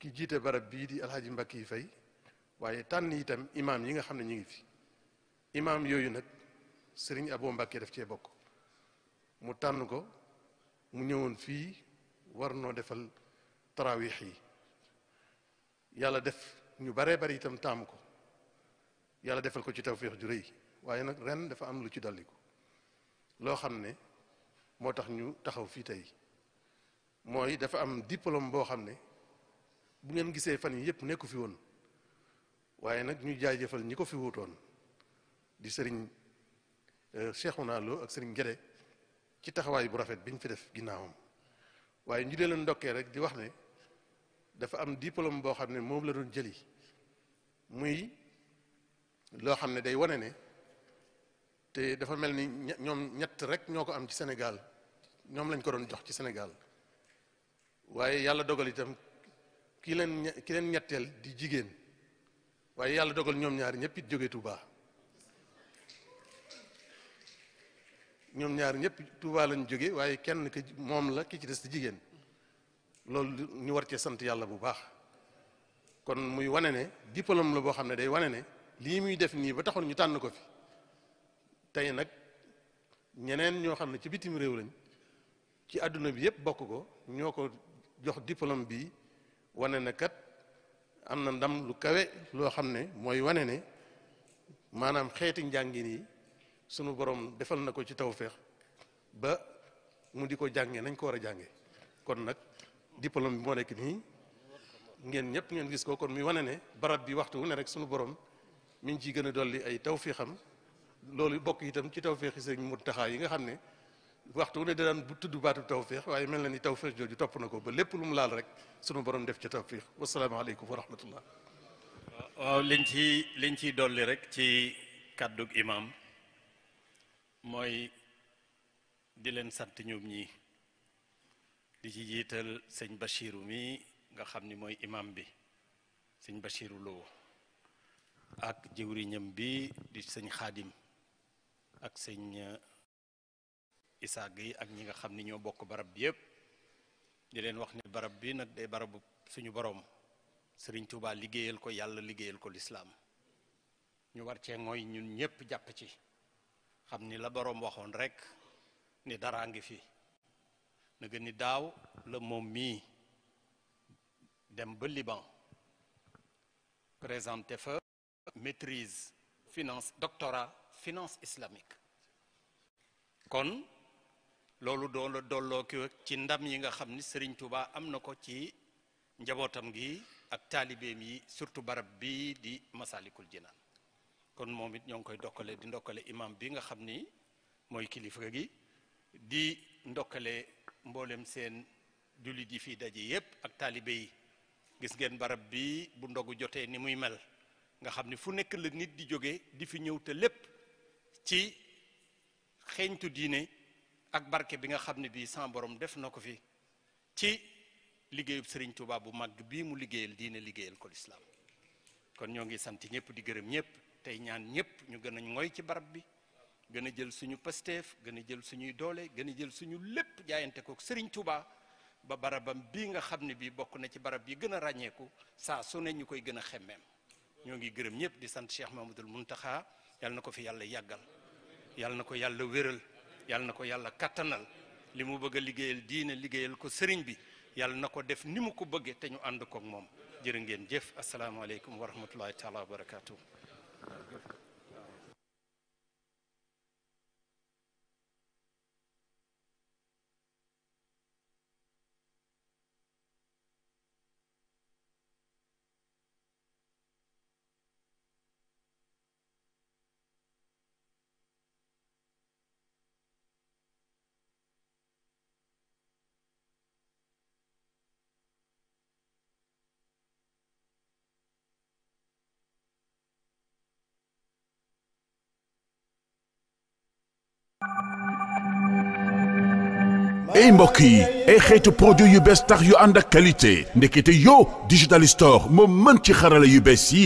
ki jiite barab bii di alxaaji mbakk yi fay waaye tànn itam imaam yi nga xam ne ñu ngi fi imaam yooyu nag sëriñ Abo Mbàkke def cee bokk mu tànn ko mu ñëwoon fii war noo defal taraawix yi yàlla def ñu baree bari itam taamu ko yàlla defal ko ci tawféex ju waaye nag ren dafa am lu ci dolliku loo xam ne moo tax ñu taxaw fii tey mooy dafa am diplôme boo xam ne bu ngeen gisee fan yi yëpp nekku fi woon waaye nag ñu jaajëfal ñi ko fi wuutoon di sëriñ euh, naa loo ak sëriñ Guédé ci taxawaay bu rafet bi ñu fi def ginnaawam waaye ñu dee leen ndokkee rek di wax ne dafa am diplôme boo xam ne moom la doon jëli muy loo xam ne day wane ne te dafa mel ni ñoom ñett rek ñoo ko am ci senegal ñoom lañ ko doon jox ci senegal waaye yàlla dogal itam ki leen ñetteel di jigéen waaye yàlla dogal ñoom ñaar ñëpp it jóge Touba ñoom ñaar ñëpp Touba lañ jóge waaye kenn ki moom la ki ci des di jigéen loolu ñu war cee sant yàlla bu baax kon muy wane ne diplôme la boo xam ne day wane ne lii muy def nii ba taxoon ñu tànn ko fi tey nag ñeneen ñoo xam ne ci bitim réew lañ ci àdduna bi yëpp bokk ko ñoo ko jox diplôme bii wane na kat am na ndam lu kawe loo xam ne mooy wane ne maanaam xeeti njàngin yi sunu borom defal na ko ci tawféex ba mu di ko jàngee nañ ko war a jànge kon nag diplôme bi moo nekk nii ngeen ñëpp ngeen gis ko kon mi wane ne barab bi waxtu wu ne rek sunu borom mi ngi ciy gën a dolli ay tawféexam loolu bokk itam ci tawféexi mu Muntaxa yi nga xam ne waxtu ne daan bu tudd baatu tawfiix waaye mel na ni tawfiix jooju topp na ko ba lépp lu mu laal rek sunu borom def ci tawfiix wasalaamaaleykum wa rahmatullah waaw liñ ci liñ ciy dolli rek ci kàddug imaam mooy di leen sant ñoom ñii di ci jiital sëñ Bachiru mi nga xam ni mooy imaam bi sëñ Bachiru Lo ak jëwriñam bi di sëñ Xaadim ak sëñ Issa Gueye ak ñi nga xam ni ñoo bokk barab bi yëpp di leen wax ni barab bi nag day barabu suñu boroom Sëriñ Tuubaa liggéeyal ko yàlla liggéeyal ko lislaam ñu warce cee mooy ñun ñëpp jàpp ci xam ni la boroom waxoon rek ni daraa ngi fi na gën ni daaw la moom mii dem ba Liban présenté fa maitrise finance doctorat finance islamique kon loolu doon la dolloo ki ci ndam yi nga xam ni sëriñ Touba am na ko ci njabootam gi ak taalibeem yi surtout barab bi di Masalikul Jinaan kon moom it ñoo ngi koy dokkale di ndokkale imam bi nga xam ni mooy kilifa gi di ndokkale mboolem seen jullit yi fii daje yépp ak taalibe yi gis ngeen barab bi bu ndogu jotee ni muy mel nga xam ni fu nekk la nit di jóge di fi ñëw te lépp ci xeeñtu diine ak barke bi nga xam ne bii sans borom def na ko fi ci liggéeyub sëriñ Touba bu mag bii mu liggéeyal diine liggéeyal ko lislaam kon ñoo ngi sant ñëpp di gërëm ñëpp tey ñaan ñëpp ñu gën a ngoy ci barab bi gën a jël suñu pasteef gën a jël suñuy doole gën a jël suñu lépp jaayante kook sëriñ Touba ba barabam bii nga xam ne bii bokk na ci barab bi gën a ràññeeku saa su ne ñu koy gën a xemmeem ñoo ngi gërëm ñëpp di sant Cheikh Mahmoudul Muntaxa yàlla na ko fi yàlla yàggal yàlla na ko yàlla kattanal li mu bëgg a liggéeyal diine liggéeyal ko sëriñ bi yàlla na ko def ni mu ko bëggee te ñu ànd koog moom jërë ngeen jëf asalaamaaleykum wa rahmatullahi taala wa barakaatu. ay mbokk yi ay xeetu produit yu bees tax yu ànd ak qualité ndekete yow digital store moo mën ci xarala yu bees yi